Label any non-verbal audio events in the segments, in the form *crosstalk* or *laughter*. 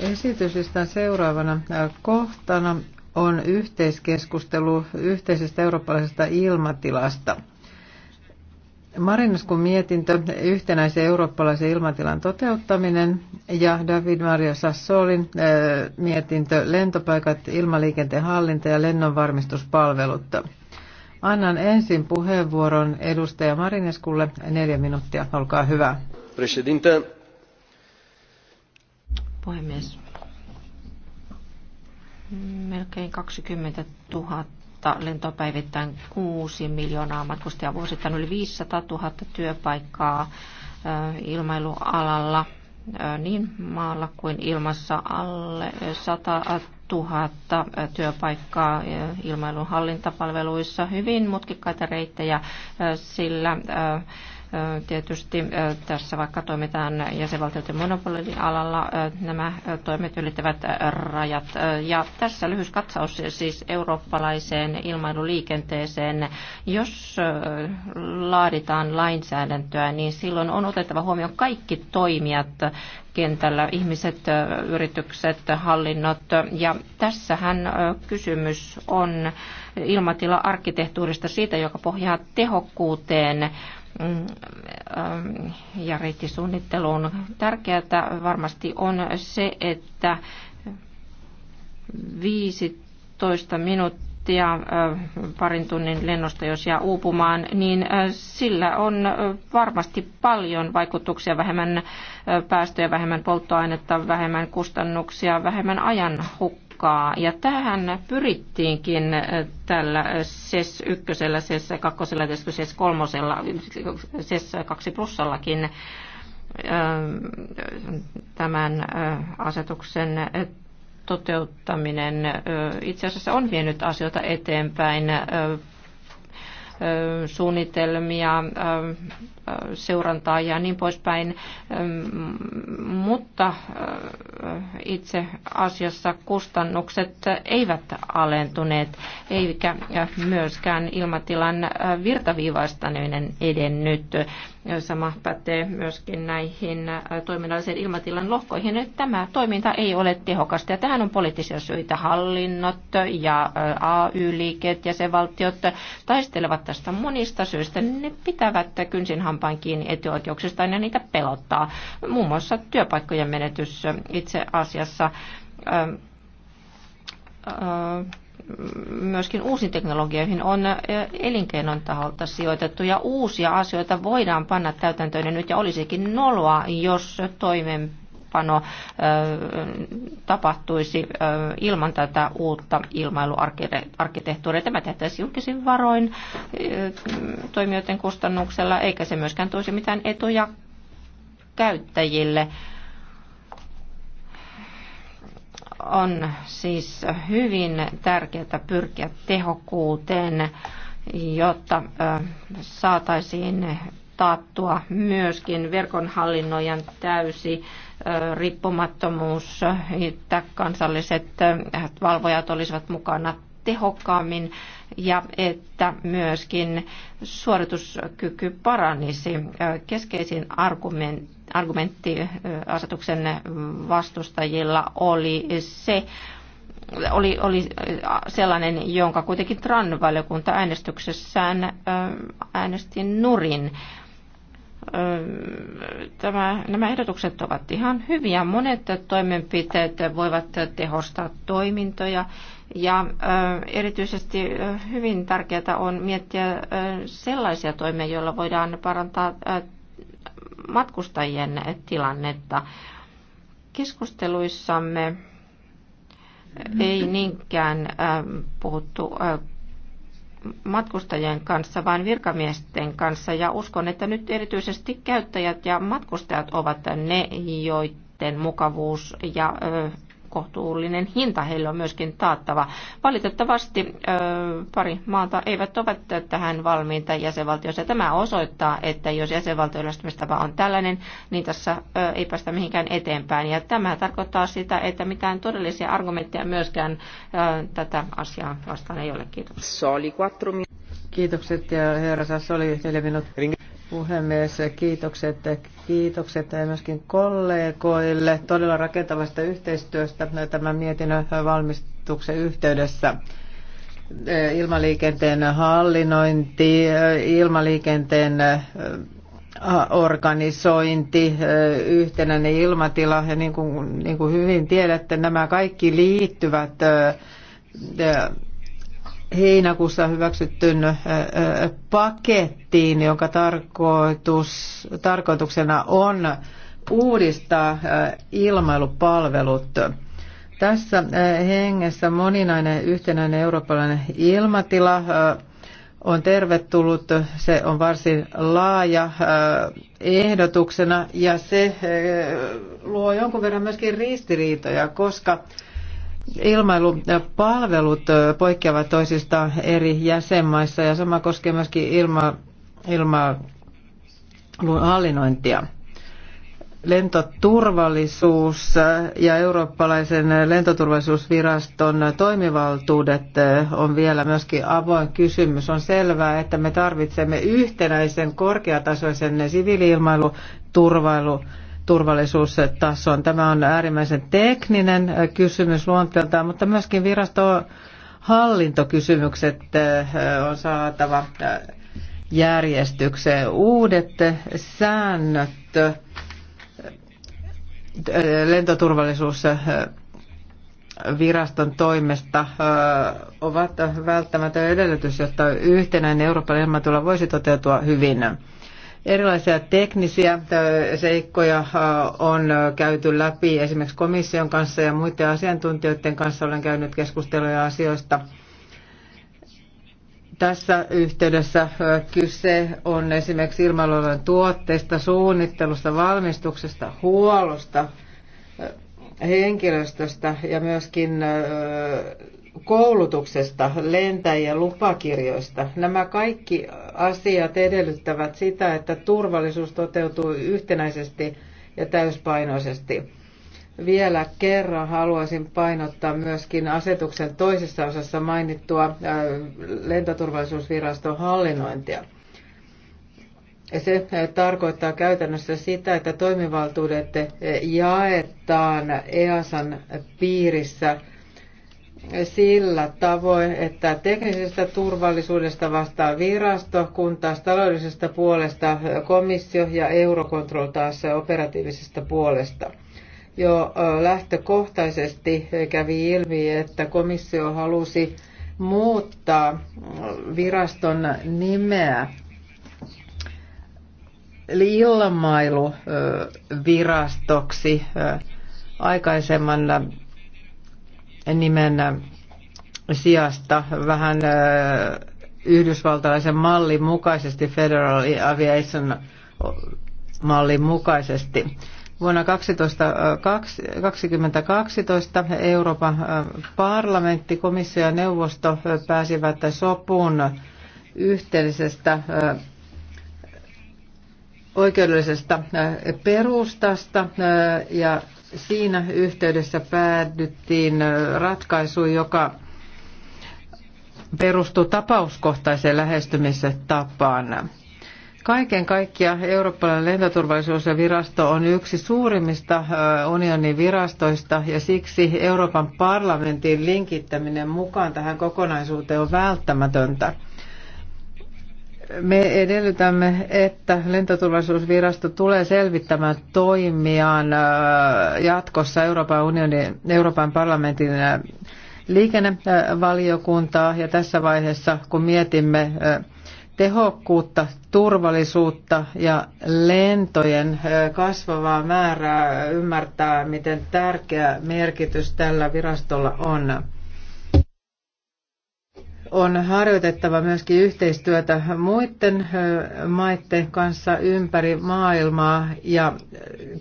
Esitysistä seuraavana äh, kohtana on yhteiskeskustelu yhteisestä eurooppalaisesta ilmatilasta. Marinaskun mietintö yhtenäisen eurooppalaisen ilmatilan toteuttaminen ja David Maria Sassolin äh, mietintö lentopaikat, ilmaliikenteen hallinta ja lennonvarmistuspalvelut. Annan ensin puheenvuoron edustaja Marineskulle. Neljä minuuttia, olkaa hyvä. Presidente, puhemies. Melkein 20 000 lentoa päivittäin, 6 miljoonaa matkustajaa vuosittain, yli 500 000 työpaikkaa ilmailualalla niin maalla kuin ilmassa alle 100 000 työpaikkaa ilmailun hallintapalveluissa. Hyvin mutkikkaita reittejä, sillä Tietysti tässä vaikka toimitaan jäsenvaltioiden monopolin alalla, nämä toimet ylittävät rajat. Ja tässä lyhyt katsaus siis eurooppalaiseen ilmailuliikenteeseen. Jos laaditaan lainsäädäntöä, niin silloin on otettava huomioon kaikki toimijat kentällä, ihmiset, yritykset, hallinnot. Ja tässähän kysymys on ilmatila-arkkitehtuurista siitä, joka pohjaa tehokkuuteen Mm, mm, mm, ja reittisuunnitteluun. Tärkeää varmasti on se, että 15 minuuttia parin tunnin lennosta, jos jää uupumaan, niin sillä on varmasti paljon vaikutuksia, vähemmän päästöjä, vähemmän polttoainetta, vähemmän kustannuksia, vähemmän ajan hukkaa aikaa. Ja tähän pyrittiinkin äh, tällä SES 1, SES 2, SES 3, SES 2 plussallakin äh, tämän äh, asetuksen toteuttaminen itse asiassa on vienyt asioita eteenpäin suunnitelmia, seurantaa ja niin poispäin. Mutta itse asiassa kustannukset eivät alentuneet, eikä myöskään ilmatilan virtaviivaistaminen edennyt. Sama pätee myöskin näihin äh, toiminnallisiin ilmatilan lohkoihin. Nyt tämä toiminta ei ole tehokasta ja tähän on poliittisia syitä. Hallinnot ja äh, AY-liikkeet ja se valtiot taistelevat tästä monista syistä. Ne pitävät kynsin hampain kiinni etuoikeuksistaan ja niitä pelottaa. Muun muassa työpaikkojen menetys itse asiassa. äh, äh myöskin uusiin teknologioihin on elinkeinon taholta sijoitettu ja uusia asioita voidaan panna täytäntöön ja nyt ja olisikin noloa, jos toimenpano toimeenpano tapahtuisi ilman tätä uutta ilmailuarkkitehtuuria. Tämä tehtäisiin julkisin varoin toimijoiden kustannuksella, eikä se myöskään toisi mitään etuja käyttäjille. On siis hyvin tärkeää pyrkiä tehokkuuteen, jotta saataisiin taattua myöskin verkonhallinnojan täysi riippumattomuus, että kansalliset valvojat olisivat mukana tehokkaammin ja että myöskin suorituskyky paranisi. Keskeisin argumentti argumentti asetuksen vastustajilla oli se, oli, oli sellainen, jonka kuitenkin TRAN-valiokunta äänestyksessään äänesti nurin. Tämä, nämä ehdotukset ovat ihan hyviä. Monet toimenpiteet voivat tehostaa toimintoja ja erityisesti hyvin tärkeää on miettiä sellaisia toimia, joilla voidaan parantaa matkustajien tilannetta. Keskusteluissamme ei niinkään puhuttu matkustajien kanssa, vaan virkamiesten kanssa. Ja uskon, että nyt erityisesti käyttäjät ja matkustajat ovat ne, joiden mukavuus ja kohtuullinen hinta heille on myöskin taattava. Valitettavasti pari maata eivät ole tähän valmiita jäsenvaltioissa. Tämä osoittaa, että jos jäsenvaltioilmistava on tällainen, niin tässä ei päästä mihinkään eteenpäin. Ja tämä tarkoittaa sitä, että mitään todellisia argumentteja myöskään tätä asiaa vastaan ei ole. Kiitos. Kiitokset ja herra Sassoli, neljä minuuttia puhemies. Kiitokset, kiitokset myöskin kollegoille todella rakentavasta yhteistyöstä tämän mietinnön valmistuksen yhteydessä. Ilmaliikenteen hallinnointi, ilmaliikenteen organisointi, yhtenäinen ilmatila ja niin kuin, niin kuin hyvin tiedätte, nämä kaikki liittyvät heinäkuussa hyväksyttyyn pakettiin, jonka tarkoitus, tarkoituksena on uudistaa ilmailupalvelut. Tässä hengessä moninainen yhtenäinen eurooppalainen ilmatila on tervetullut. Se on varsin laaja ehdotuksena ja se luo jonkun verran myöskin ristiriitoja, koska Ilmailupalvelut poikkeavat toisistaan eri jäsenmaissa ja sama koskee myöskin ilma, ilmailun hallinnointia lentoturvallisuus ja eurooppalaisen lentoturvallisuusviraston toimivaltuudet on vielä myöskin avoin kysymys. On selvää, että me tarvitsemme yhtenäisen korkeatasoisen siviiliilmailu, turvailu, turvallisuustason. Tämä on äärimmäisen tekninen äh, kysymys luonteeltaan, mutta myöskin virasto hallintokysymykset äh, äh, on saatava järjestykseen. Uudet säännöt lentoturvallisuusviraston toimesta ovat välttämätön edellytys, jotta yhtenäinen Euroopan ilmatila voisi toteutua hyvin. Erilaisia teknisiä seikkoja on käyty läpi esimerkiksi komission kanssa ja muiden asiantuntijoiden kanssa olen käynyt keskusteluja asioista. Tässä yhteydessä kyse on esimerkiksi ilmailualueen tuotteista, suunnittelusta, valmistuksesta, huollosta, henkilöstöstä ja myöskin koulutuksesta, lentäjien lupakirjoista. Nämä kaikki asiat edellyttävät sitä, että turvallisuus toteutuu yhtenäisesti ja täyspainoisesti. Vielä kerran haluaisin painottaa myöskin asetuksen toisessa osassa mainittua äh, lentoturvallisuusviraston hallinnointia. Se äh, tarkoittaa käytännössä sitä, että toimivaltuudet äh, jaetaan EASan piirissä – sillä tavoin, että teknisestä turvallisuudesta vastaa virasto, kun taas taloudellisesta puolesta komissio ja Eurocontrol taas operatiivisesta puolesta. Jo lähtökohtaisesti kävi ilmi, että komissio halusi muuttaa viraston nimeä ilmailuvirastoksi aikaisemman nimen äh, sijasta vähän äh, yhdysvaltalaisen mallin mukaisesti, Federal Aviation mallin mukaisesti. Vuonna 2012 äh, Euroopan parlamentti, komissio ja neuvosto pääsivät sopuun yhteisestä oikeudellisesta perustasta ja Siinä yhteydessä päädyttiin ratkaisuun, joka perustuu tapauskohtaiseen tapaan. Kaiken kaikkiaan Eurooppalainen virasto on yksi suurimmista unionin virastoista ja siksi Euroopan parlamentin linkittäminen mukaan tähän kokonaisuuteen on välttämätöntä. Me edellytämme, että lentoturvallisuusvirasto tulee selvittämään toimiaan äh, jatkossa Euroopan unionin, Euroopan parlamentin äh, liikennevaliokuntaa ja tässä vaiheessa, kun mietimme äh, tehokkuutta, turvallisuutta ja lentojen kasvavaa määrää ymmärtää, miten tärkeä merkitys tällä virastolla on on harjoitettava myöskin yhteistyötä muiden maiden kanssa ympäri maailmaa ja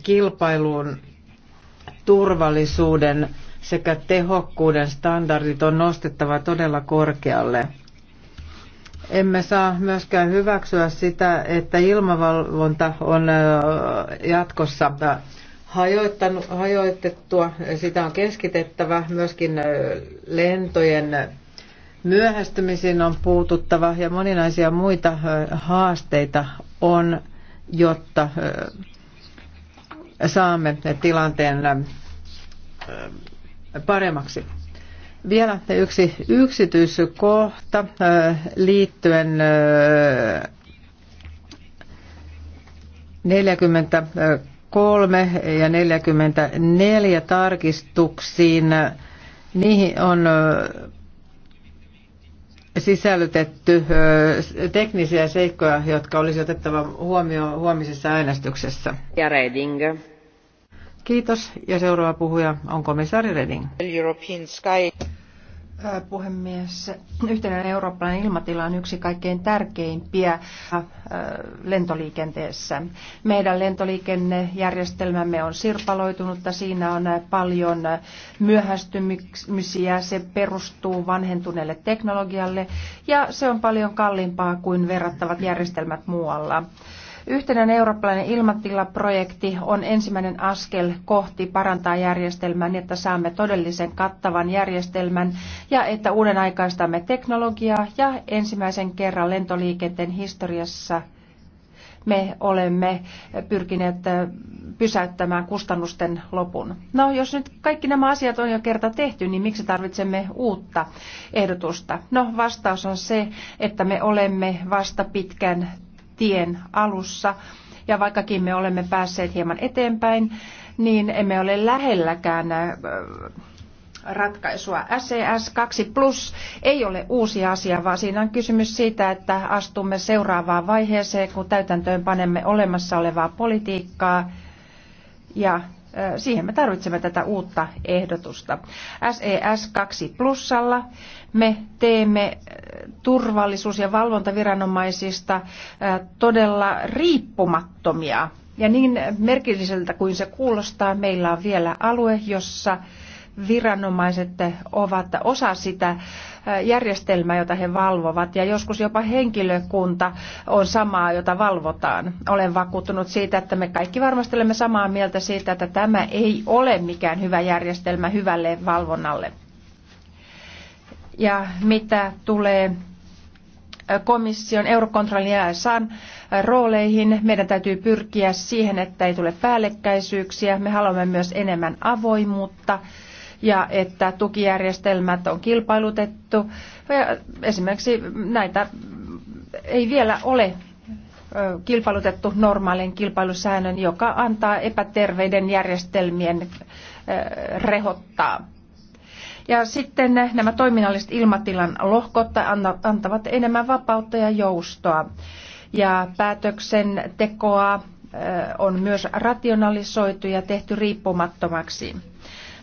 kilpailun turvallisuuden sekä tehokkuuden standardit on nostettava todella korkealle. Emme saa myöskään hyväksyä sitä, että ilmavalvonta on jatkossa hajoitettua. Sitä on keskitettävä myöskin lentojen Myöhästymisiin on puututtava ja moninaisia muita haasteita on, jotta saamme tilanteen paremmaksi. Vielä yksi yksityiskohta liittyen 43 ja 44 tarkistuksiin. Niihin on sisällytetty teknisiä seikkoja, jotka olisi otettava huomioon huomisessa äänestyksessä. Ja Reding. Kiitos. Ja seuraava puhuja on komissaari Reding. European Sky puhemies. Yhtenäinen eurooppalainen ilmatila on yksi kaikkein tärkeimpiä lentoliikenteessä. Meidän lentoliikennejärjestelmämme on sirpaloitunutta, siinä on paljon myöhästymisiä, se perustuu vanhentuneelle teknologialle ja se on paljon kalliimpaa kuin verrattavat järjestelmät muualla. Yhtenäinen eurooppalainen ilmatilaprojekti on ensimmäinen askel kohti parantaa järjestelmää niin, että saamme todellisen kattavan järjestelmän ja että uuden aikaistamme teknologiaa ja ensimmäisen kerran lentoliikenteen historiassa me olemme pyrkineet pysäyttämään kustannusten lopun. No, jos nyt kaikki nämä asiat on jo kerta tehty, niin miksi tarvitsemme uutta ehdotusta? No, vastaus on se, että me olemme vasta pitkän tien alussa. Ja vaikkakin me olemme päässeet hieman eteenpäin, niin emme ole lähelläkään äh, ratkaisua. SES 2 e Plus ei ole uusi asia, vaan siinä on kysymys siitä, että astumme seuraavaan vaiheeseen, kun täytäntöön panemme olemassa olevaa politiikkaa ja siihen me tarvitsemme tätä uutta ehdotusta. SES 2 e plussalla me teemme turvallisuus- ja valvontaviranomaisista todella riippumattomia. Ja niin merkilliseltä kuin se kuulostaa, meillä on vielä alue, jossa viranomaiset ovat osa sitä järjestelmä, jota he valvovat, ja joskus jopa henkilökunta on samaa, jota valvotaan. Olen vakuuttunut siitä, että me kaikki varmasti olemme samaa mieltä siitä, että tämä ei ole mikään hyvä järjestelmä hyvälle valvonnalle. Ja mitä tulee komission, Eurokontrollin ja SAN rooleihin. Meidän täytyy pyrkiä siihen, että ei tule päällekkäisyyksiä. Me haluamme myös enemmän avoimuutta ja että tukijärjestelmät on kilpailutettu. Esimerkiksi näitä ei vielä ole kilpailutettu normaalin kilpailusäännön, joka antaa epäterveiden järjestelmien rehottaa. Ja sitten nämä toiminnalliset ilmatilan lohkot antavat enemmän vapautta ja joustoa. Ja päätöksentekoa on myös rationalisoitu ja tehty riippumattomaksi.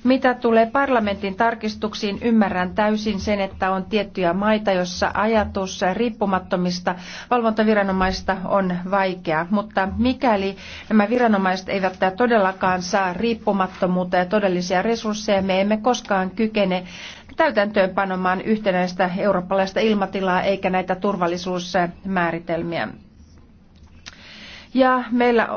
Mitä tulee parlamentin tarkistuksiin, ymmärrän täysin sen, että on tiettyjä maita, joissa ajatus riippumattomista valvontaviranomaista on vaikea. Mutta mikäli nämä viranomaiset eivät todellakaan saa riippumattomuutta ja todellisia resursseja, me emme koskaan kykene täytäntöönpanomaan yhtenäistä eurooppalaista ilmatilaa eikä näitä turvallisuusmääritelmiä. Ja meillä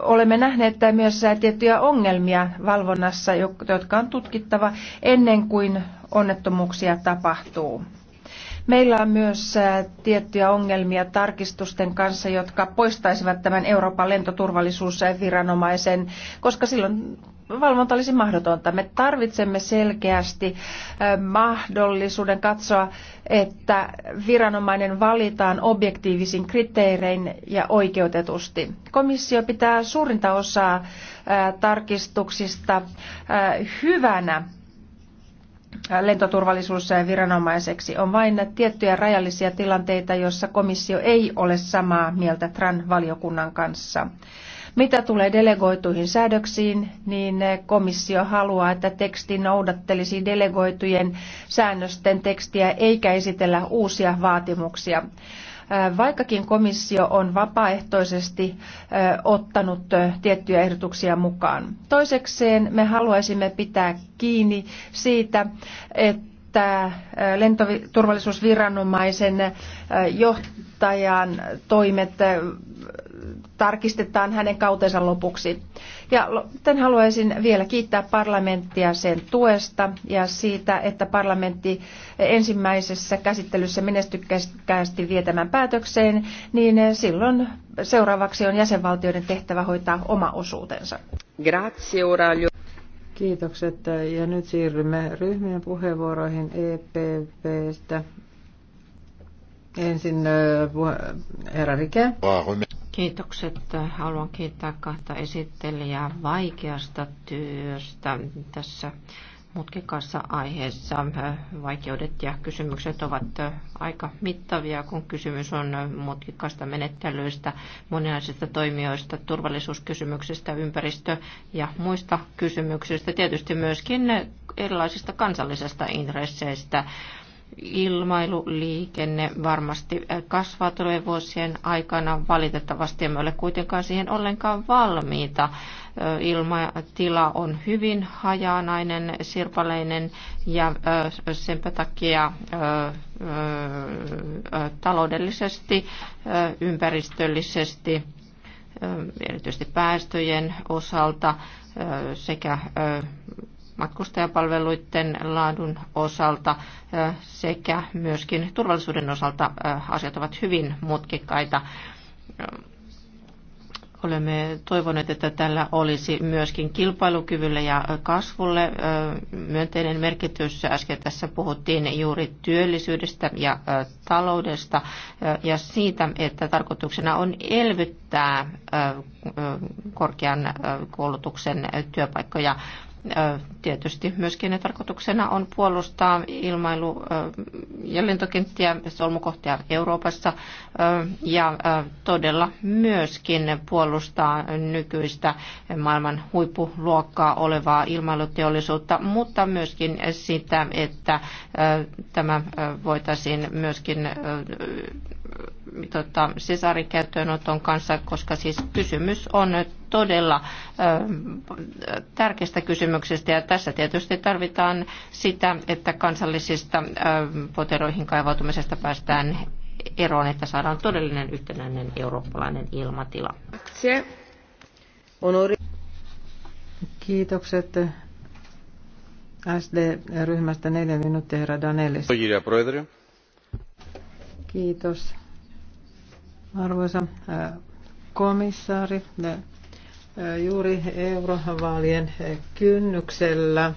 olemme nähneet että myös tiettyjä ongelmia valvonnassa, jotka on tutkittava ennen kuin onnettomuuksia tapahtuu. Meillä on myös tiettyjä ongelmia tarkistusten kanssa, jotka poistaisivat tämän Euroopan lentoturvallisuusviranomaisen, koska silloin valvonta olisi mahdotonta. Me tarvitsemme selkeästi mahdollisuuden katsoa, että viranomainen valitaan objektiivisin kriteerein ja oikeutetusti. Komissio pitää suurinta osaa tarkistuksista hyvänä viranomaiseksi. On vain tiettyjä rajallisia tilanteita, joissa komissio ei ole samaa mieltä TRAN-valiokunnan kanssa. Mitä tulee delegoituihin säädöksiin, niin komissio haluaa, että teksti noudattelisi delegoitujen säännösten tekstiä eikä esitellä uusia vaatimuksia. Äh, vaikkakin komissio on vapaaehtoisesti äh, ottanut äh, tiettyjä ehdotuksia mukaan. Toisekseen me haluaisimme pitää kiinni siitä, että että lentoturvallisuusviranomaisen johtajan toimet tarkistetaan hänen kautensa lopuksi. Ja sitten haluaisin vielä kiittää parlamenttia sen tuesta ja siitä, että parlamentti ensimmäisessä käsittelyssä menestykkäästi vietämään päätökseen, niin silloin seuraavaksi on jäsenvaltioiden tehtävä hoitaa oma osuutensa. Grazie, Kiitokset ja nyt siirrymme ryhmien puheenvuoroihin EPPstä. Ensin äh, herra Rike. Kiitokset. Haluan kiittää kahta esittelijää vaikeasta työstä tässä mutkikassa aiheessa. Vaikeudet ja kysymykset ovat aika mittavia, kun kysymys on mutkikasta menettelyistä, moninaisista toimijoista, turvallisuuskysymyksistä, ympäristö- ja muista kysymyksistä. Tietysti myöskin erilaisista kansallisista intresseistä ilmailuliikenne varmasti kasvaa tulevien vuosien aikana. Valitettavasti emme ole kuitenkaan siihen ollenkaan valmiita. Ilmatila on hyvin hajanainen, sirpaleinen ja sen takia taloudellisesti, ympäristöllisesti, erityisesti päästöjen osalta sekä matkustajapalveluiden laadun osalta sekä myöskin turvallisuuden osalta asiat ovat hyvin mutkikkaita olemme toivoneet, että tällä olisi myöskin kilpailukyvylle ja kasvulle myönteinen merkitys. Äsken tässä puhuttiin juuri työllisyydestä ja taloudesta ja siitä, että tarkoituksena on elvyttää korkean koulutuksen työpaikkoja Tietysti myöskin tarkoituksena on puolustaa ilmailu- ja lentokenttiä, solmukohtia Euroopassa ja todella myöskin puolustaa nykyistä maailman huippuluokkaa olevaa ilmailuteollisuutta, mutta myöskin sitä, että tämä voitaisiin myöskin tota, sesarikäyttöönoton kanssa, koska siis kysymys on todella ö, tärkeästä kysymyksestä ja tässä tietysti tarvitaan sitä, että kansallisista ö, poteroihin kaivautumisesta päästään eroon, että saadaan todellinen yhtenäinen eurooppalainen ilmatila. Se on Kiitokset SD-ryhmästä neljä minuuttia herra Danelis. Kiitos Arvoisa komissaari, juuri eurovaalien kynnyksellä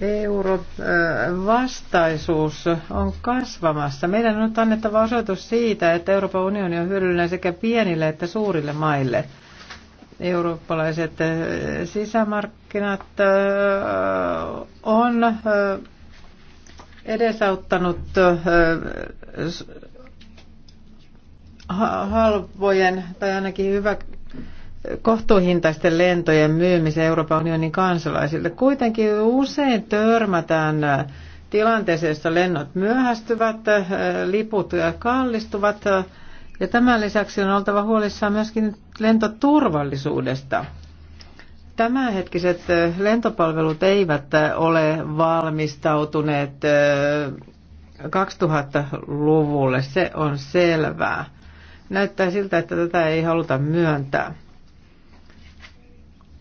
eurovastaisuus on kasvamassa. Meidän on nyt annettava osoitus siitä, että Euroopan unioni on hyödyllinen sekä pienille että suurille maille. Eurooppalaiset sisämarkkinat on edesauttanut halvojen tai ainakin hyvä kohtuuhintaisten lentojen myymisen Euroopan unionin kansalaisille. Kuitenkin usein törmätään äh, tilanteeseen, jossa lennot myöhästyvät, äh, liput äh, kallistuvat ja tämän lisäksi on oltava huolissaan myöskin lentoturvallisuudesta. Tämänhetkiset lentopalvelut eivät ole valmistautuneet 2000-luvulle, se on selvää näyttää siltä, että tätä ei haluta myöntää.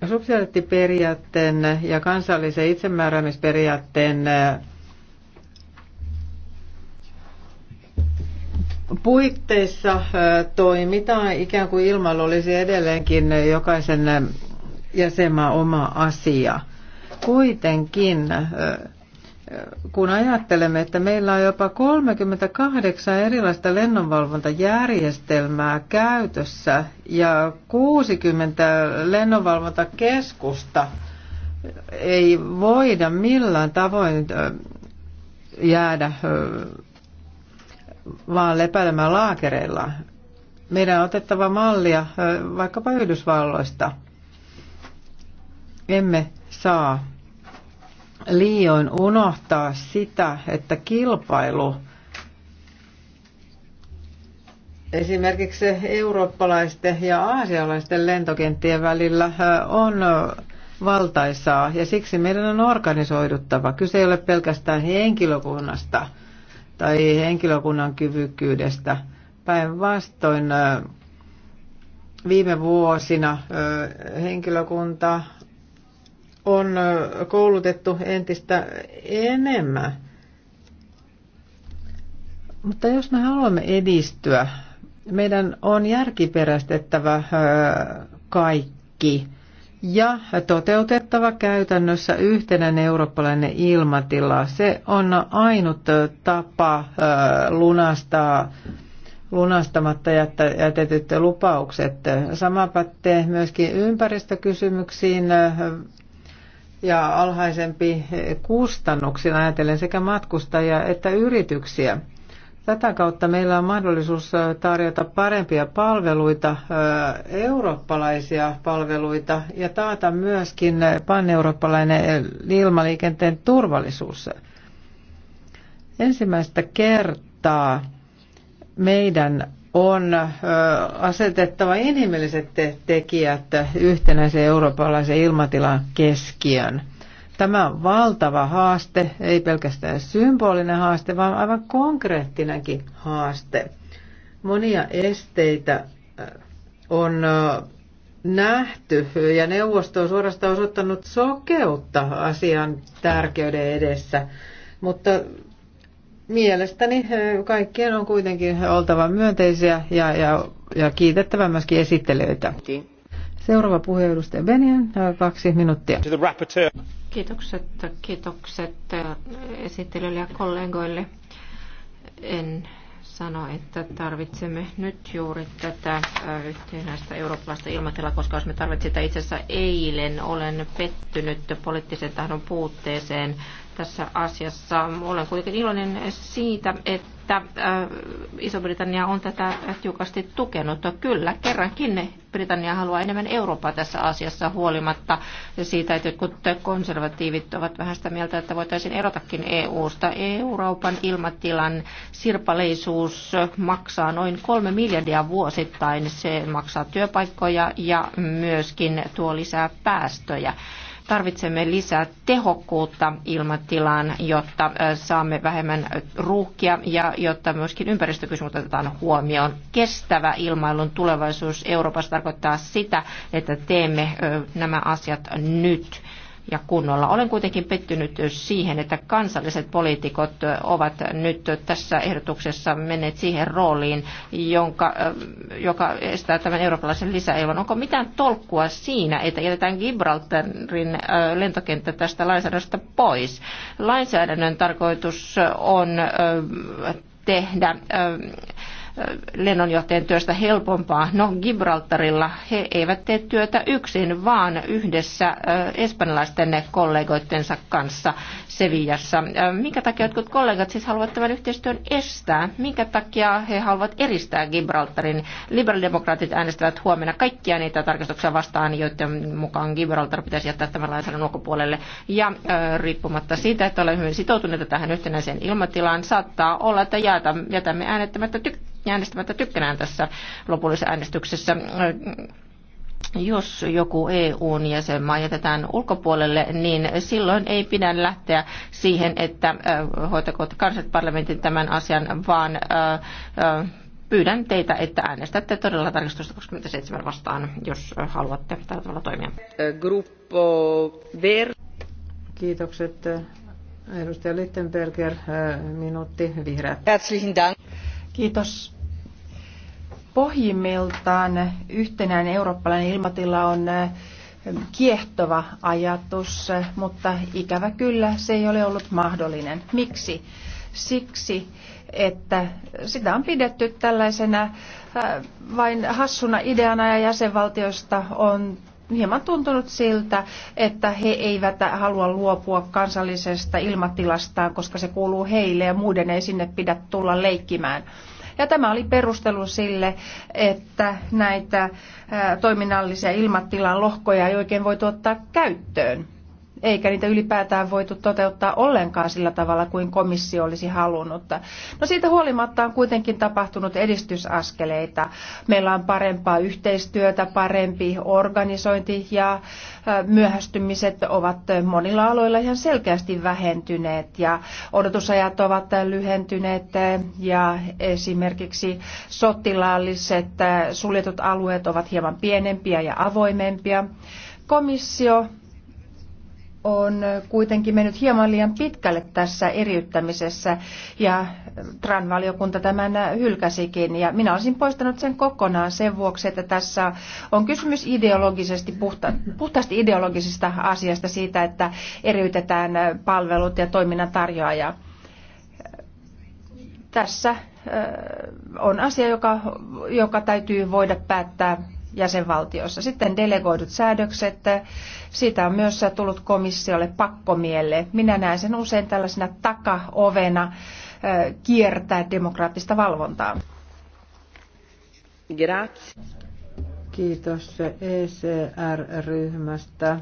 Subsidiariteettiperiaatteen ja kansallisen itsemääräämisperiaatteen eh, puitteissa eh, toimitaan ikään kuin ilmailu olisi edelleenkin jokaisen eh, jäsenmaan oma asia. Kuitenkin kun ajattelemme, että meillä on jopa 38 erilaista lennonvalvontajärjestelmää käytössä ja 60 lennonvalvontakeskusta ei voida millään tavoin jäädä vaan lepäilemään laakereilla. Meidän on otettava mallia vaikkapa Yhdysvalloista. Emme saa liioin unohtaa sitä, että kilpailu esimerkiksi eurooppalaisten ja aasialaisten lentokenttien välillä on valtaisaa ja siksi meidän on organisoiduttava. Kyse ei ole pelkästään henkilökunnasta tai henkilökunnan kyvykkyydestä. Päinvastoin viime vuosina henkilökunta on koulutettu entistä enemmän. Mutta jos me haluamme edistyä, meidän on järkiperäistettävä kaikki ja toteutettava käytännössä yhtenäinen eurooppalainen ilmatila. Se on ainut tapa lunastaa lunastamatta jätetyt lupaukset. Sama pätee myöskin ympäristökysymyksiin, ja alhaisempi kustannuksina ajatellen sekä matkustajia että yrityksiä. Tätä kautta meillä on mahdollisuus tarjota parempia palveluita, eurooppalaisia palveluita ja taata myöskin pan-eurooppalainen ilmaliikenteen turvallisuus. Ensimmäistä kertaa meidän on asetettava inhimilliset tekijät yhtenäisen eurooppalaisen ilmatilan keskiön. Tämä on valtava haaste, ei pelkästään symbolinen haaste, vaan aivan konkreettinenkin haaste. Monia esteitä on nähty ja neuvosto on suorastaan osoittanut sokeutta asian tärkeyden edessä. Mutta Mielestäni kaikkien on kuitenkin oltava myönteisiä ja, ja, ja kiitettävä myöskin esittelijöitä. Seuraava puhe edustaja Benien, kaksi minuuttia. Kiitokset, kiitokset esittelijöille ja kollegoille. En sano, että tarvitsemme nyt juuri tätä yhtenäistä eurooppalaista ilmatilaa, koska jos me tarvitsemme sitä itse asiassa eilen, olen pettynyt poliittisen tahdon puutteeseen tässä asiassa. Olen kuitenkin iloinen siitä, että äh, Iso-Britannia on tätä tiukasti tukenut. Kyllä, kerrankin Britannia haluaa enemmän Eurooppaa tässä asiassa huolimatta siitä, että jotkut konservatiivit ovat vähän sitä mieltä, että voitaisiin erotakin EU-sta. Euroopan ilmatilan sirpaleisuus maksaa noin kolme miljardia vuosittain. Se maksaa työpaikkoja ja myöskin tuo lisää päästöjä. Tarvitsemme lisää tehokkuutta ilmatilaan, jotta saamme vähemmän ruuhkia ja jotta myöskin ympäristökysymykset otetaan huomioon. Kestävä ilmailun tulevaisuus Euroopassa tarkoittaa sitä, että teemme nämä asiat nyt ja kunnolla. Olen kuitenkin pettynyt siihen, että kansalliset poliitikot ovat nyt tässä ehdotuksessa menneet siihen rooliin, jonka, joka estää tämän eurooppalaisen lisäeilon. Onko mitään tolkkua siinä, että jätetään Gibraltarin äh, lentokenttä tästä lainsäädännöstä pois? Lainsäädännön tarkoitus on äh, tehdä äh, lennonjohtajan työstä helpompaa. No Gibraltarilla he eivät tee työtä yksin, vaan yhdessä espanjalaisten kollegoittensa kanssa Sevillassa. Minkä takia jotkut kollegat siis haluavat tämän yhteistyön estää? Minkä takia he haluavat eristää Gibraltarin? liberaldemokraatit äänestävät huomenna kaikkia niitä tarkastuksia vastaan, joiden mukaan Gibraltar pitäisi jättää tämän lainsäädännön ulkopuolelle. Ja riippumatta siitä, että olemme hyvin sitoutuneita tähän yhtenäiseen ilmatilaan, saattaa olla, että jätämme äänettämättä tykkää äänestämättä tykkänään tässä lopullisessa äänestyksessä jos joku eu jäsenmaa jätetään ulkopuolelle, niin silloin ei pidä lähteä siihen, että hoitakoot kansalliset parlamentin tämän asian, vaan pyydän teitä, että äänestätte todella tarkistusta 27 vastaan, jos haluatte tällä tavalla toimia. Gruppo Ver. Kiitokset. Edustaja Littenberger, minuutti vihreä. Herzlichen Dank. Kiitos pohjimmiltaan yhtenäinen eurooppalainen ilmatila on kiehtova ajatus, mutta ikävä kyllä se ei ole ollut mahdollinen. Miksi? Siksi, että sitä on pidetty tällaisena vain hassuna ideana ja jäsenvaltioista on hieman tuntunut siltä, että he eivät halua luopua kansallisesta ilmatilastaan, koska se kuuluu heille ja muiden ei sinne pidä tulla leikkimään. Ja tämä oli perustelu sille, että näitä toiminnallisia ilmatilan lohkoja ei oikein voitu ottaa käyttöön eikä niitä ylipäätään voitu toteuttaa ollenkaan sillä tavalla kuin komissio olisi halunnut. No siitä huolimatta on kuitenkin tapahtunut edistysaskeleita. Meillä on parempaa yhteistyötä, parempi organisointi ja myöhästymiset ovat monilla aloilla ihan selkeästi vähentyneet ja odotusajat ovat lyhentyneet ja esimerkiksi sotilaalliset suljetut alueet ovat hieman pienempiä ja avoimempia. Komissio on kuitenkin mennyt hieman liian pitkälle tässä eriyttämisessä ja TRAN-valiokunta tämän hylkäsikin. Ja minä olisin poistanut sen kokonaan sen vuoksi, että tässä on kysymys ideologisesti, puhta, puhtaasti ideologisesta asiasta siitä, että eriytetään palvelut ja toiminnan tarjoaja. Tässä on asia, joka, joka täytyy voida päättää jäsenvaltioissa. Sitten delegoidut säädökset, siitä on myös tullut komissiolle pakkomielle. Minä näen sen usein tällaisena takaovena kiertää demokraattista valvontaa. Grazie. Kiitos ECR-ryhmästä.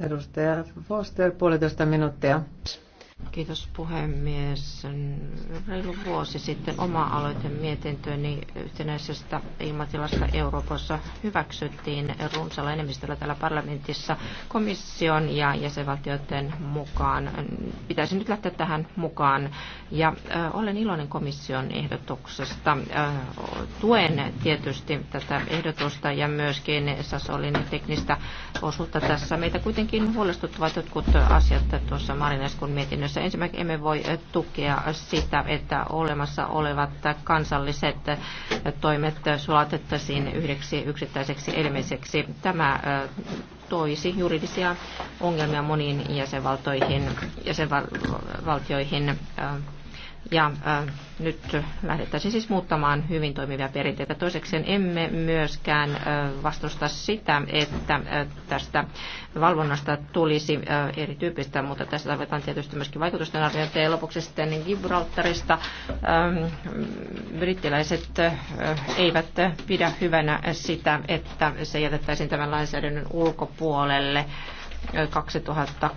Edustaja Foster, puolitoista minuuttia. Kiitos puhemies. Reilu vuosi sitten oma aloite mietintöni yhtenäisestä ilmatilasta Euroopassa hyväksyttiin runsalla enemmistöllä täällä parlamentissa komission ja jäsenvaltioiden mukaan. Pitäisi nyt lähteä tähän mukaan. Ja äh, olen iloinen komission ehdotuksesta. Äh, tuen tietysti tätä ehdotusta ja myöskin Sasolin teknistä osuutta tässä. Meitä kuitenkin huolestuttavat jotkut asiat tuossa Marineskun mietinnössä käytännössä. Ensinnäkin emme voi tukea sitä, että olemassa olevat kansalliset toimet sulatettaisiin yhdeksi yksittäiseksi elmiseksi. Tämä toisi juridisia ongelmia moniin jäsenvaltoihin, jäsenvaltioihin ja äh, nyt lähdettäisiin siis muuttamaan hyvin toimivia perinteitä. Toisekseen emme myöskään äh, vastusta sitä, että äh, tästä valvonnasta tulisi äh, erityyppistä, mutta tässä tarvitaan tietysti myöskin vaikutusten arviointia. Ja lopuksi sitten Gibraltarista Äh, brittiläiset äh, eivät pidä hyvänä sitä, että se jätettäisiin tämän lainsäädännön ulkopuolelle. Äh, 2006.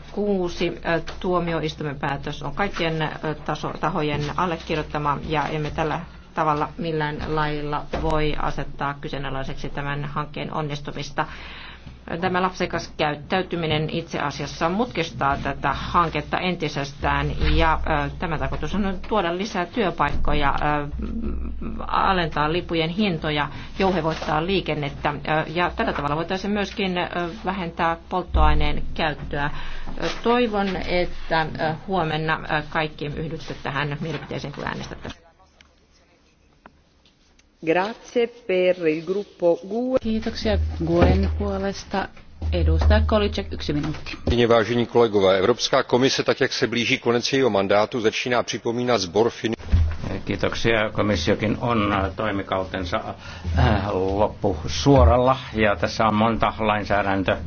Tuomioistuimen päätös on kaikkien taso, tahojen allekirjoittama ja emme tällä tavalla millään lailla voi asettaa kyseenalaiseksi tämän hankkeen onnistumista tämä lapsekas käyttäytyminen itse asiassa mutkistaa tätä hanketta entisestään ja tämä tarkoitus on tuoda lisää työpaikkoja, alentaa lipujen hintoja, jouhevoittaa liikennettä ja tällä tavalla voitaisiin myöskin vähentää polttoaineen käyttöä. Toivon, että huomenna kaikki yhdytte tähän mielipiteeseen, kun äänestätte per GUEn Vážení kolegové, Evropská komise, tak jak se blíží konec jejího mandátu, začíná připomínat sbor fin... Kiitoksia. Komissiokin on toimikautensa eh, loppu suoralla ja tässä on monta lainsäädäntö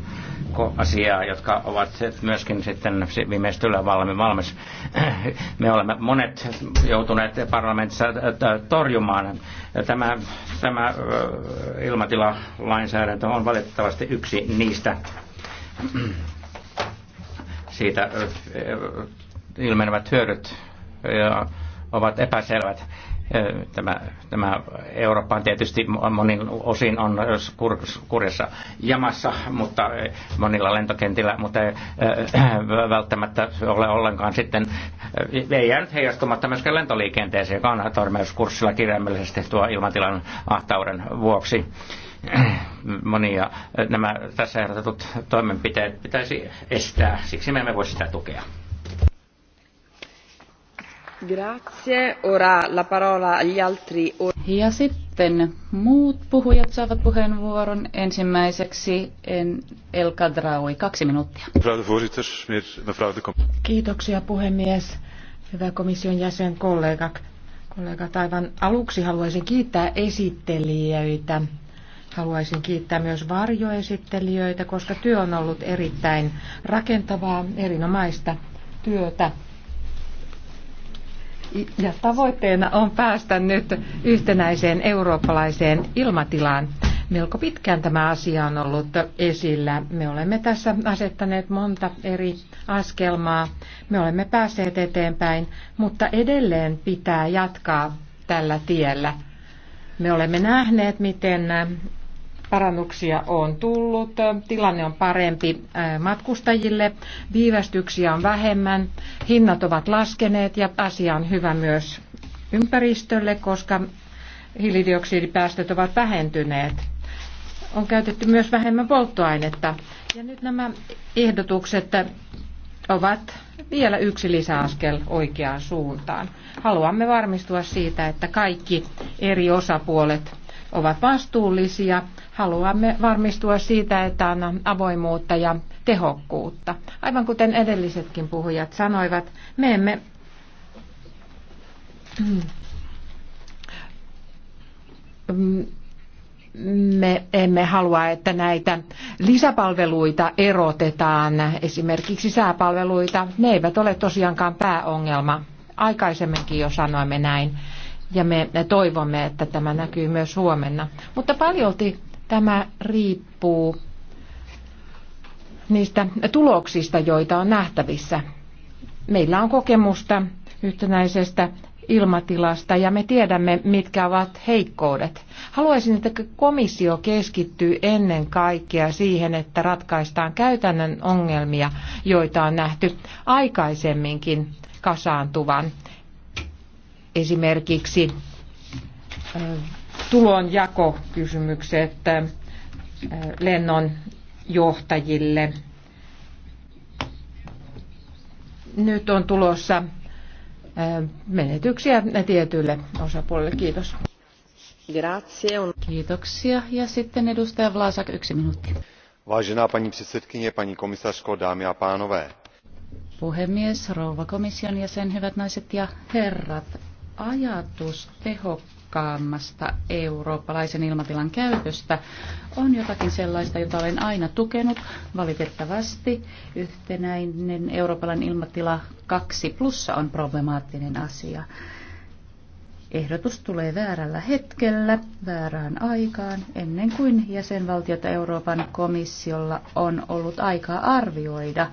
joukko asiaa, jotka ovat myöskin sitten viimeistöllä valmi, valmis. Me olemme monet joutuneet parlamentissa torjumaan. Tämä, tämä ilmatilalainsäädäntö on valitettavasti yksi niistä. Siitä ilmenevät hyödyt ovat epäselvät tämä, tämä Eurooppa on tietysti monin osin on kurjassa jamassa, mutta monilla lentokentillä, mutta ei välttämättä ole ollenkaan sitten, ei jäänyt heijastumatta myöskään lentoliikenteeseen, joka on tormeuskurssilla kirjaimellisesti tuo ilmatilan ahtauden vuoksi monia nämä tässä ehdotetut toimenpiteet pitäisi estää, siksi me emme voi sitä tukea. Grazie. Ora la parola agli altri. Ja sitten muut puhujat saavat puheenvuoron. Ensimmäiseksi en El Draui. Kaksi minuuttia. Kiitoksia puhemies. Hyvä komission jäsen kollega. Kollegat, aivan aluksi haluaisin kiittää esittelijöitä. Haluaisin kiittää myös varjoesittelijöitä, koska työ on ollut erittäin rakentavaa, erinomaista työtä ja tavoitteena on päästä nyt yhtenäiseen eurooppalaiseen ilmatilaan. Melko pitkään tämä asia on ollut esillä. Me olemme tässä asettaneet monta eri askelmaa. Me olemme päässeet eteenpäin, mutta edelleen pitää jatkaa tällä tiellä. Me olemme nähneet, miten Parannuksia on tullut, tilanne on parempi matkustajille, viivästyksiä on vähemmän, hinnat ovat laskeneet ja asia on hyvä myös ympäristölle, koska hiilidioksidipäästöt ovat vähentyneet. On käytetty myös vähemmän polttoainetta. Ja nyt nämä ehdotukset ovat vielä yksi lisäaskel oikeaan suuntaan. Haluamme varmistua siitä, että kaikki eri osapuolet ovat vastuullisia. Haluamme varmistua siitä, että on avoimuutta ja tehokkuutta. Aivan kuten edellisetkin puhujat sanoivat, me emme me emme halua, että näitä lisäpalveluita erotetaan, esimerkiksi sääpalveluita. Ne eivät ole tosiaankaan pääongelma. Aikaisemminkin jo sanoimme näin ja me toivomme, että tämä näkyy myös huomenna. Mutta paljolti tämä riippuu niistä tuloksista, joita on nähtävissä. Meillä on kokemusta yhtenäisestä ilmatilasta ja me tiedämme, mitkä ovat heikkoudet. Haluaisin, että komissio keskittyy ennen kaikkea siihen, että ratkaistaan käytännön ongelmia, joita on nähty aikaisemminkin kasaantuvan esimerkiksi tulonjakokysymykset lennon johtajille. Nyt on tulossa menetyksiä tietyille osapuolille. Kiitos. Grazie. Kiitoksia. Ja sitten edustaja Vlasak, yksi minuutti. Vážená paní předsedkyně, paní komisařko, dámy a pánové. Puhemies, rouva komission jäsen, hyvät naiset ja herrat ajatus tehokkaammasta eurooppalaisen ilmatilan käytöstä on jotakin sellaista, jota olen aina tukenut. Valitettavasti yhtenäinen eurooppalainen ilmatila 2 plussa on problemaattinen asia. Ehdotus tulee väärällä hetkellä, väärään aikaan, ennen kuin jäsenvaltiota Euroopan komissiolla on ollut aikaa arvioida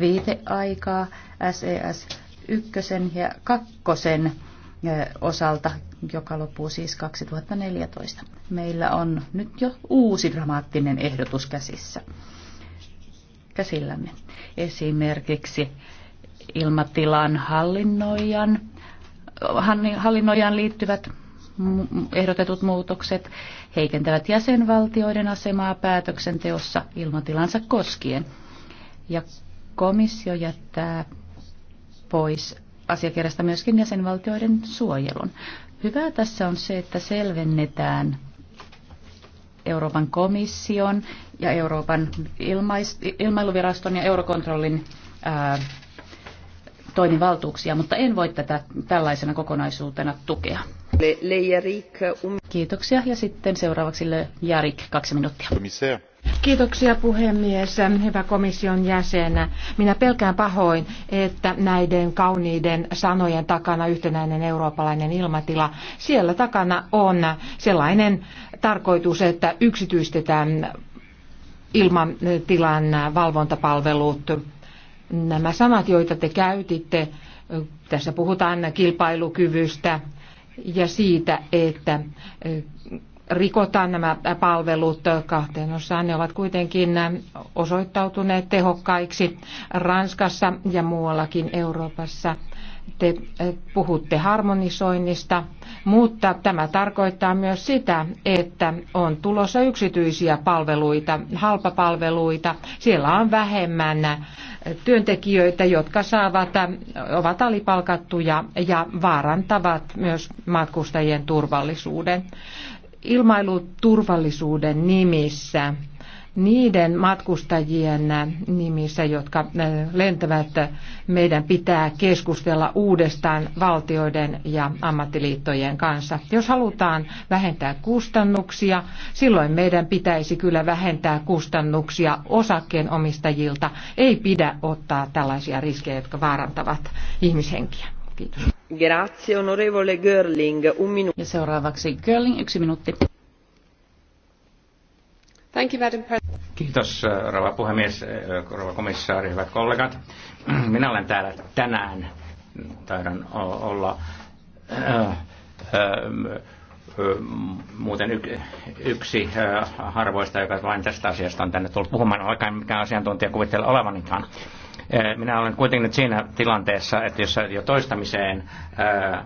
viiteaikaa SES e ykkösen ja kakkosen osalta, joka loppuu siis 2014. Meillä on nyt jo uusi dramaattinen ehdotus käsissä. Käsillämme. Esimerkiksi ilmatilan hallinnoijan, hallinnoijan liittyvät ehdotetut muutokset heikentävät jäsenvaltioiden asemaa päätöksenteossa ilmatilansa koskien. Ja komissio jättää pois asiakirjasta myöskin jäsenvaltioiden suojelun. Hyvää tässä on se, että selvennetään Euroopan komission ja Euroopan ilmais, ilmailuviraston ja eurokontrollin ää, toimivaltuuksia, mutta en voi tätä tällaisena kokonaisuutena tukea. Um- Kiitoksia ja sitten seuraavaksi Le Jarik, kaksi minuuttia. Komissaire. Kiitoksia puhemies, hyvä komission jäsen. Minä pelkään pahoin, että näiden kauniiden sanojen takana yhtenäinen eurooppalainen ilmatila, siellä takana on sellainen tarkoitus, että yksityistetään ilmatilan valvontapalvelut. Nämä sanat, joita te käytitte, tässä puhutaan kilpailukyvystä ja siitä, että rikotaan nämä palvelut kahteen osaan. Ne ovat kuitenkin osoittautuneet tehokkaiksi Ranskassa ja muuallakin Euroopassa. Te puhutte harmonisoinnista, mutta tämä tarkoittaa myös sitä, että on tulossa yksityisiä palveluita, halpapalveluita. Siellä on vähemmän työntekijöitä, jotka saavat, ovat alipalkattuja ja vaarantavat myös matkustajien turvallisuuden ilmailuturvallisuuden nimissä, niiden matkustajien nimissä, jotka äh, lentävät, äh, meidän pitää keskustella uudestaan valtioiden ja ammattiliittojen kanssa. Jos halutaan vähentää kustannuksia, silloin meidän pitäisi kyllä vähentää kustannuksia osakkeenomistajilta. Ei pidä ottaa tällaisia riskejä, jotka vaarantavat ihmishenkiä. Kiitos. Grazie, onorevole Görling. Un minu- ja seuraavaksi Görling, yksi minuutti. Thank you, Madam President. Kiitos, eh, rouva puhemies, eh, rouva komissaari, hyvät kollegat. *clears throat* Minä olen täällä tänään. Taidan olla äh, äh, muuten yksi harvoista, joka vain tästä asiasta on tänne tullut puhumaan, vaikka mikään asiantuntija kuvittele olevaninkaan. Eh, minä olen kuitenkin siinä tilanteessa, että jos jo toistamiseen eh,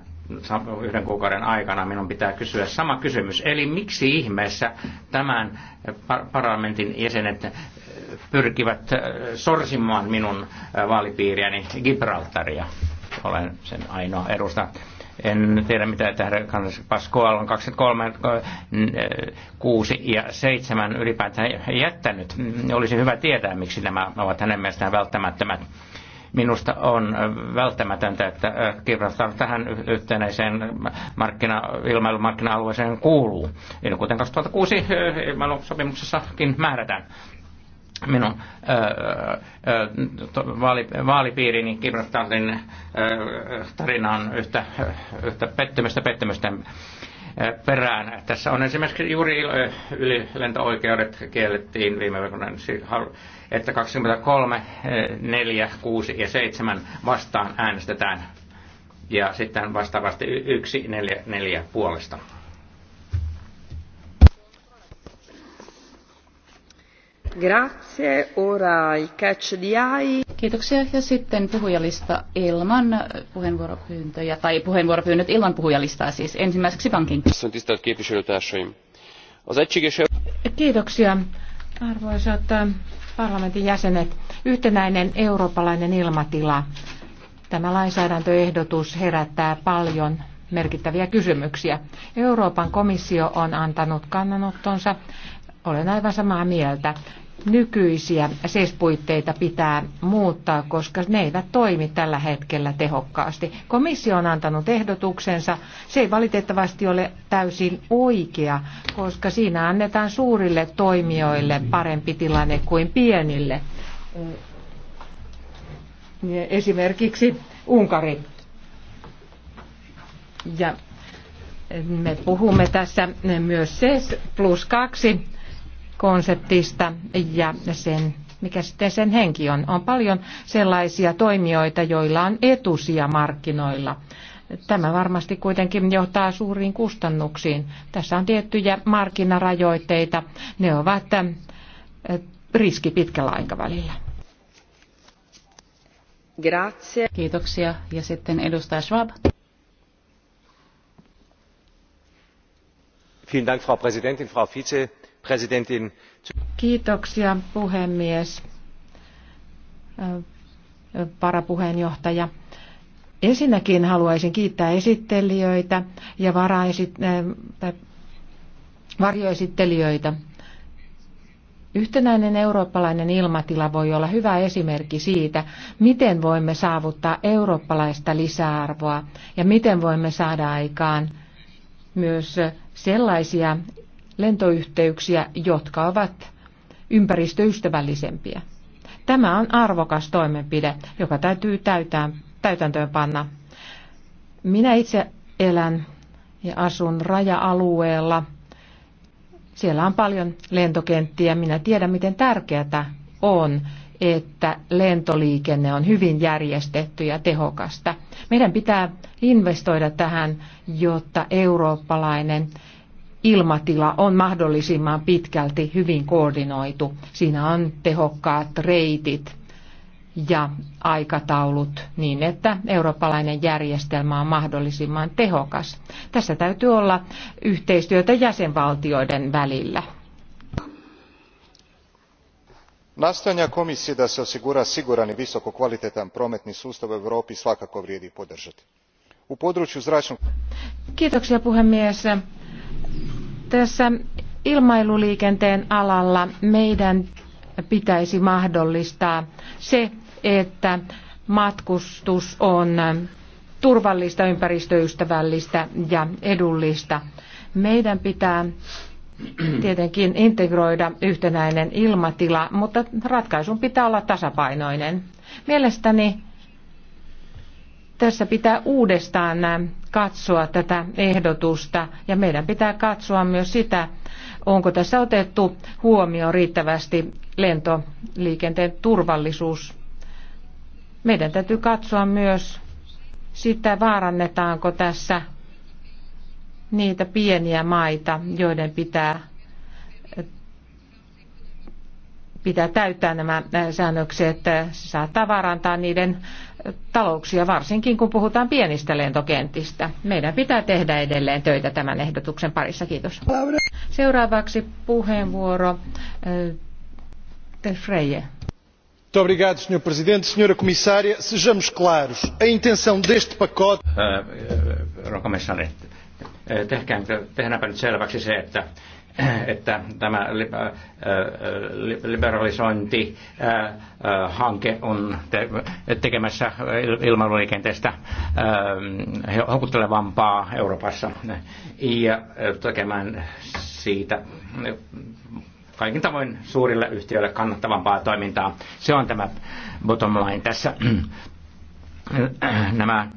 yhden kuukauden aikana minun pitää kysyä sama kysymys. Eli miksi ihmeessä tämän eh, parlamentin jäsenet pyrkivät sorsimaan minun vaalipiiriäni Gibraltaria? Olen sen ainoa edustaja en tiedä mitä tähden Pascual on 23, 6 eh, ja 7 ylipäätään jättänyt. Olisi hyvä tietää, miksi nämä ovat hänen mielestään välttämättömät. Minusta on välttämätöntä, että Gibraltar eh, tähän yhtenäiseen markkina, ilmailumarkkina-alueeseen kuuluu, niin kuten 2006 eh, ilmailusopimuksessakin määrätään minun vaalipiirini Gibraltarin tarina on yhtä, yhtä pettymystä pettymysten perään. Tässä on esimerkiksi juuri ylilentooikeudet kiellettiin viime vuonna, että 23, 4, 6 ja 7 vastaan äänestetään. Ja sitten vastaavasti 1, 4, 4 puolesta. Kiitoksia ja sitten puhujalista ilman puheenvuoropyyntöjä tai puheenvuoropyynnöt ilman puhujalistaa siis ensimmäiseksi pankin. Kiitoksia arvoisat parlamentin jäsenet. Yhtenäinen eurooppalainen ilmatila. Tämä lainsäädäntöehdotus herättää paljon merkittäviä kysymyksiä. Euroopan komissio on antanut kannanottonsa. Olen aivan samaa mieltä nykyisiä SES-puitteita pitää muuttaa, koska ne eivät toimi tällä hetkellä tehokkaasti. Komissio on antanut ehdotuksensa. Se ei valitettavasti ole täysin oikea, koska siinä annetaan suurille toimijoille parempi tilanne kuin pienille. Esimerkiksi Unkari. Ja me puhumme tässä myös SES plus kaksi konseptista ja sen, mikä sitten sen henki on. On paljon sellaisia toimijoita, joilla on etusia markkinoilla. Tämä varmasti kuitenkin johtaa suuriin kustannuksiin. Tässä on tiettyjä markkinarajoitteita. Ne ovat äh, riski pitkällä aikavälillä. Grazie. Kiitoksia. Ja sitten edustaja Schwab. Vielen Dank, Frau Präsidentin, Frau Vize presidentin... Kiitoksia puhemies, varapuheenjohtaja. Ensinnäkin haluaisin kiittää esittelijöitä ja äh, varjoesittelijöitä. Yhtenäinen eurooppalainen ilmatila voi olla hyvä esimerkki siitä, miten voimme saavuttaa eurooppalaista lisäarvoa ja miten voimme saada aikaan myös sellaisia lentoyhteyksiä, jotka ovat ympäristöystävällisempiä. Tämä on arvokas toimenpide, joka täytyy täytään, täytäntöön panna. Minä itse elän ja asun raja-alueella. Siellä on paljon lentokenttiä. Minä tiedän, miten tärkeää on, että lentoliikenne on hyvin järjestetty ja tehokasta. Meidän pitää investoida tähän, jotta eurooppalainen ilmatila on mahdollisimman pitkälti hyvin koordinoitu. Siinä on tehokkaat reitit ja aikataulut niin, että eurooppalainen järjestelmä on mahdollisimman tehokas. Tässä täytyy olla yhteistyötä jäsenvaltioiden välillä. Nastojanja komisije da se osigura siguran i visoko kvalitetan prometni sustav u Europi svakako vrijedi podržati. U području zračnog... Kiitoksia puhemies tässä ilmailuliikenteen alalla meidän pitäisi mahdollistaa se, että matkustus on turvallista, ympäristöystävällistä ja edullista. Meidän pitää tietenkin integroida yhtenäinen ilmatila, mutta ratkaisun pitää olla tasapainoinen. Mielestäni tässä pitää uudestaan katsoa tätä ehdotusta ja meidän pitää katsoa myös sitä, onko tässä otettu huomioon riittävästi lentoliikenteen turvallisuus. Meidän täytyy katsoa myös sitä, vaarannetaanko tässä niitä pieniä maita, joiden pitää pitää täyttää nämä säännökset. Se saattaa vaarantaa niiden talouksia, varsinkin kun puhutaan pienistä lentokentistä. Meidän pitää tehdä edelleen töitä tämän ehdotuksen parissa. Kiitos. Seuraavaksi puheenvuoro De Freie. Muito obrigado, Sr. Presidente. Sra. Comissária, sejamos claros. A intenção deste pacote... Uh, komissaari, tehkäänkö, tehdäänpä nyt selväksi se, että *clears throat* että tämä äh, äh, liberalisointihanke äh, on tekemässä ilmailuliikenteestä houkuttelevampaa Euroopassa ja tekemään siitä kaikin tavoin suurille yhtiöille kannattavampaa toimintaa. Se on tämä bottom line tässä. *clears throat* Nämä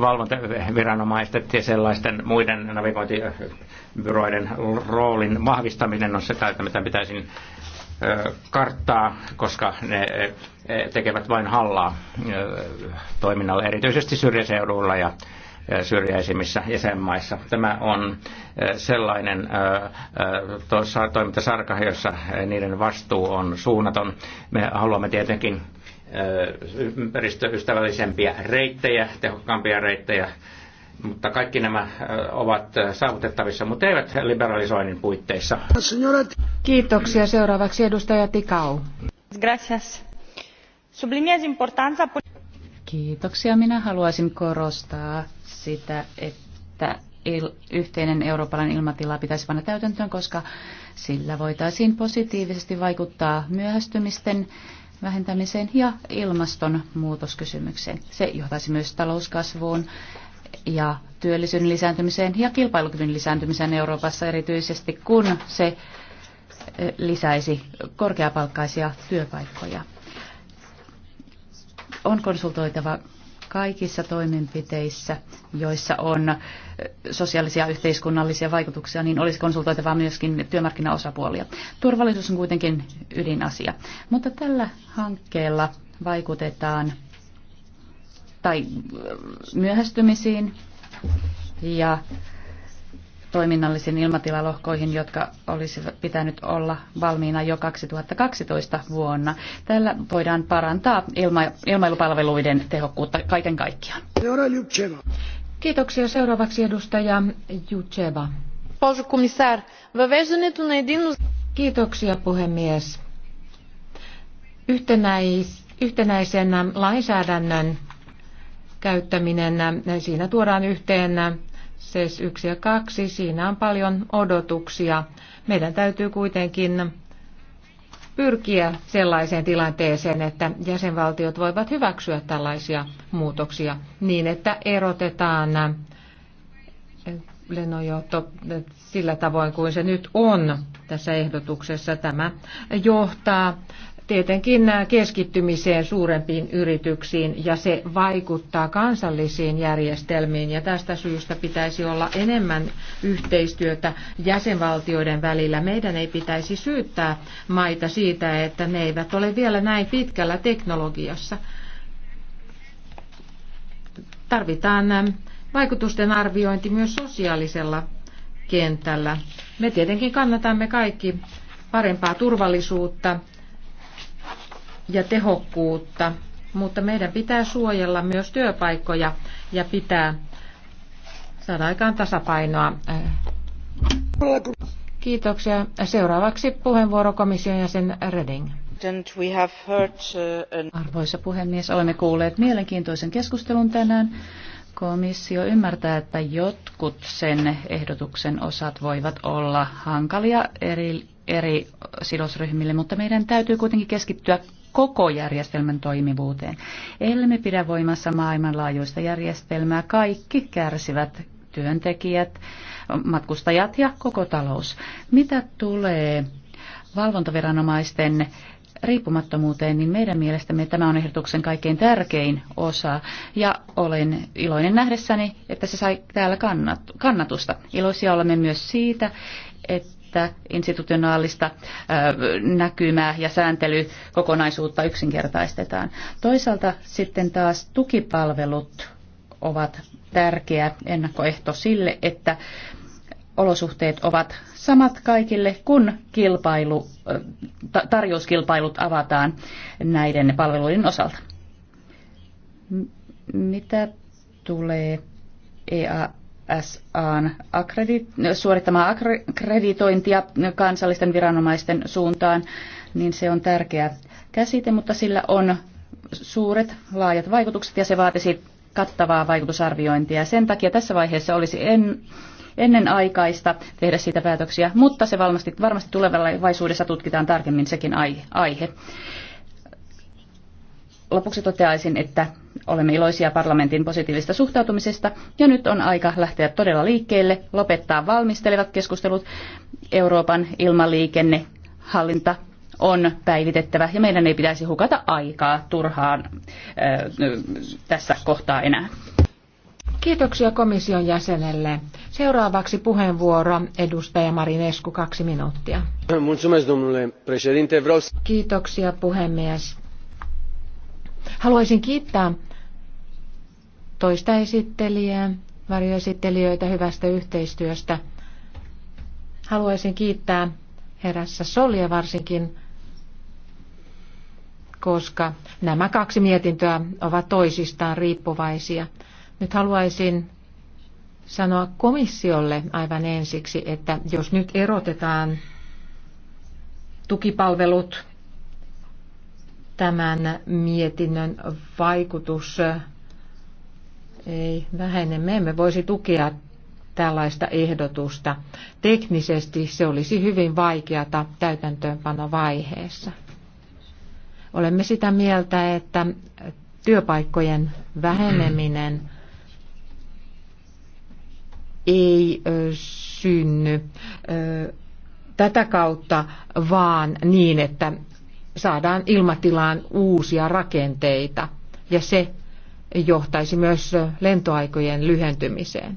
valvontaviranomaisten ja sellaisten muiden navigointibyroiden roolin vahvistaminen on se, mitä pitäisi karttaa, koska ne tekevät vain hallaa toiminnalle, erityisesti syrjäseuduilla ja syrjäisimmissä jäsenmaissa. Tämä on sellainen toimintasarka, jossa niiden vastuu on suunnaton. Me haluamme tietenkin ympäristöystävällisempiä reittejä, tehokkaampia reittejä, mutta kaikki nämä ovat saavutettavissa, mutta eivät liberalisoinnin puitteissa. Kiitoksia. Seuraavaksi edustaja Tikau. Kiitoksia. Minä haluaisin korostaa sitä, että yhteinen eurooppalainen ilmatila pitäisi panna täytäntöön, koska sillä voitaisiin positiivisesti vaikuttaa myöhästymisten vähentämiseen ja ilmastonmuutoskysymykseen. Se johtaisi myös talouskasvuun ja työllisyyden lisääntymiseen ja kilpailukyvyn lisääntymiseen Euroopassa erityisesti, kun se eh, lisäisi korkeapalkkaisia työpaikkoja. On konsultoitava Kaikissa toimenpiteissä, joissa on sosiaalisia ja yhteiskunnallisia vaikutuksia, niin olisi konsultoitavaa myöskin työmarkkinaosapuolia. Turvallisuus on kuitenkin ydinasia. Mutta tällä hankkeella vaikutetaan tai myöhästymisiin ja toiminnallisiin ilmatilalohkoihin, jotka olisi pitänyt olla valmiina jo 2012 vuonna. Tällä voidaan parantaa ilma- ilmailupalveluiden tehokkuutta kaiken kaikkiaan. Kiitoksia. Seuraavaksi edustaja Jutseva. Kiitoksia puhemies. Yhtenäis, yhtenäisen lainsäädännön käyttäminen, siinä tuodaan yhteen SES 1 ja 2, siinä on paljon odotuksia. Meidän täytyy kuitenkin pyrkiä sellaiseen tilanteeseen, että jäsenvaltiot voivat hyväksyä tällaisia muutoksia niin, että erotetaan lennonjohto sillä tavoin kuin se nyt on tässä ehdotuksessa. Tämä johtaa tietenkin keskittymiseen suurempiin yrityksiin ja se vaikuttaa kansallisiin järjestelmiin ja tästä syystä pitäisi olla enemmän yhteistyötä jäsenvaltioiden välillä. Meidän ei pitäisi syyttää maita siitä, että ne eivät ole vielä näin pitkällä teknologiassa. Tarvitaan ähm, vaikutusten arviointi myös sosiaalisella kentällä. Me tietenkin kannatamme kaikki parempaa turvallisuutta, ja tehokkuutta, mutta meidän pitää suojella myös työpaikkoja ja pitää saada aikaan tasapainoa. Kiitoksia. Seuraavaksi puheenvuoro komission jäsen Reding. Uh, Arvoisa puhemies, olemme kuulleet mielenkiintoisen keskustelun tänään. Komissio ymmärtää, että jotkut sen ehdotuksen osat voivat olla hankalia eri, eri sidosryhmille, mutta meidän täytyy kuitenkin keskittyä koko järjestelmän toimivuuteen. Ellemme pidä voimassa maailmanlaajuista järjestelmää, kaikki kärsivät työntekijät, matkustajat ja koko talous. Mitä tulee valvontaviranomaisten riippumattomuuteen, niin meidän mielestämme tämä on ehdotuksen kaikkein tärkein osa. Ja olen iloinen nähdessäni, että se sai täällä kannatusta. Iloisia olemme myös siitä, että että institutionaalista näkymää ja sääntelykokonaisuutta yksinkertaistetaan. Toisaalta sitten taas tukipalvelut ovat tärkeä ennakkoehto sille, että olosuhteet ovat samat kaikille, kun kilpailu, tarjouskilpailut avataan näiden palveluiden osalta. Mitä tulee EA SAn akkredit- suorittamaa akreditointia kansallisten viranomaisten suuntaan, niin se on tärkeä käsite, mutta sillä on suuret, laajat vaikutukset ja se vaatisi kattavaa vaikutusarviointia. Sen takia tässä vaiheessa olisi en, ennen aikaista tehdä siitä päätöksiä, mutta se varmasti, varmasti tulevaisuudessa tutkitaan tarkemmin sekin aihe. Lopuksi toteaisin, että olemme iloisia parlamentin positiivisesta suhtautumisesta ja nyt on aika lähteä todella liikkeelle, lopettaa valmistelevat keskustelut. Euroopan ilmaliikennehallinta on päivitettävä ja meidän ei pitäisi hukata aikaa turhaan ö, tässä kohtaa enää. Kiitoksia komission jäsenelle. Seuraavaksi puheenvuoro edustaja Marinescu, kaksi minuuttia. Kiitoksia puhemies. Haluaisin kiittää toista esittelijää, varjoesittelijöitä hyvästä yhteistyöstä. Haluaisin kiittää herässä Solja varsinkin, koska nämä kaksi mietintöä ovat toisistaan riippuvaisia. Nyt haluaisin sanoa komissiolle aivan ensiksi, että jos nyt erotetaan tukipalvelut tämän mietinnön vaikutus ei vähene. Me emme voisi tukea tällaista ehdotusta. Teknisesti se olisi hyvin vaikeata täytäntöönpanovaiheessa. Olemme sitä mieltä, että työpaikkojen väheneminen ei synny tätä kautta, vaan niin, että saadaan ilmatilaan uusia rakenteita ja se johtaisi myös lentoaikojen lyhentymiseen.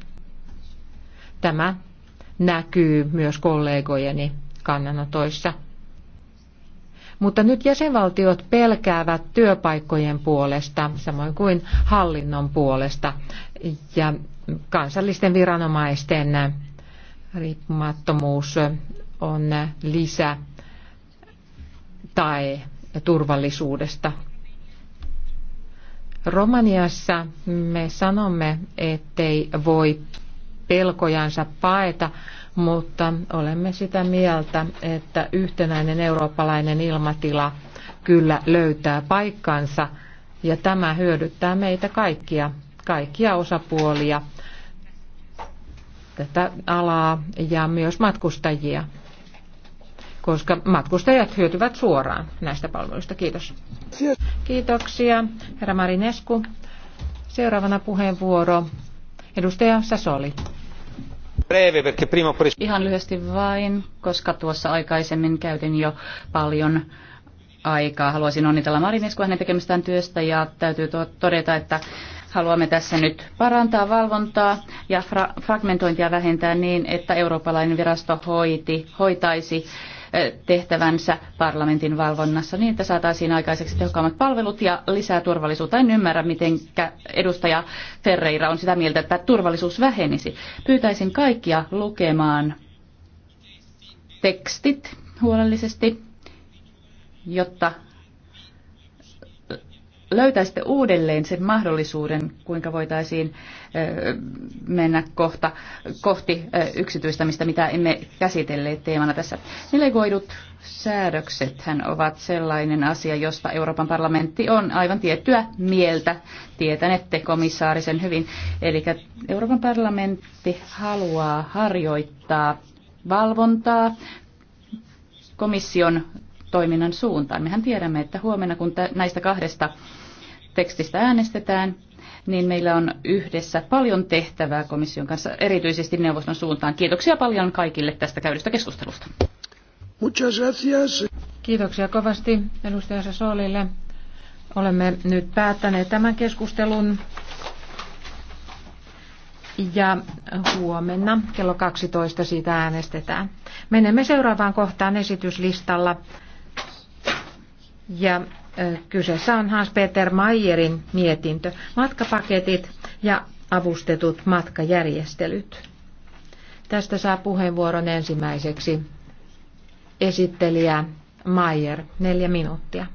Tämä näkyy myös kollegojeni kannanotoissa. Mutta nyt jäsenvaltiot pelkäävät työpaikkojen puolesta, samoin kuin hallinnon puolesta ja kansallisten viranomaisten riippumattomuus on lisä tae turvallisuudesta. Romaniassa me sanomme, ettei voi pelkojansa paeta, mutta olemme sitä mieltä, että yhtenäinen eurooppalainen ilmatila kyllä löytää paikkansa ja tämä hyödyttää meitä kaikkia, kaikkia osapuolia, tätä alaa ja myös matkustajia koska matkustajat hyötyvät suoraan näistä palveluista. Kiitos. Kiitoksia, herra Marinesku. Seuraavana puheenvuoro, edustaja Sasoli. Ihan lyhyesti vain, koska tuossa aikaisemmin käytin jo paljon aikaa. Haluaisin onnitella Marineskua hänen tekemistään työstä ja täytyy todeta, että haluamme tässä nyt parantaa valvontaa ja fra- fragmentointia vähentää niin, että eurooppalainen virasto hoiti, hoitaisi tehtävänsä parlamentin valvonnassa niin, että saataisiin aikaiseksi tehokkaammat palvelut ja lisää turvallisuutta. En ymmärrä, miten edustaja Ferreira on sitä mieltä, että turvallisuus vähenisi. Pyytäisin kaikkia lukemaan tekstit huolellisesti, jotta löytäisitte uudelleen sen mahdollisuuden, kuinka voitaisiin mennä kohta, kohti yksityistämistä, mitä emme käsitelleet teemana tässä. Delegoidut säädöksethän ovat sellainen asia, josta Euroopan parlamentti on aivan tiettyä mieltä. Tietänette komissaarisen hyvin. Eli Euroopan parlamentti haluaa harjoittaa valvontaa komission toiminnan suuntaan. Mehän tiedämme, että huomenna kun näistä kahdesta tekstistä äänestetään, niin meillä on yhdessä paljon tehtävää komission kanssa, erityisesti neuvoston suuntaan. Kiitoksia paljon kaikille tästä käydystä keskustelusta. Kiitoksia kovasti edustajansa Soolille. Olemme nyt päättäneet tämän keskustelun. Ja huomenna kello 12 siitä äänestetään. Menemme seuraavaan kohtaan esityslistalla. Ja Kyseessä on Hans-Peter Mayerin mietintö, matkapaketit ja avustetut matkajärjestelyt. Tästä saa puheenvuoron ensimmäiseksi esittelijä Mayer, neljä minuuttia.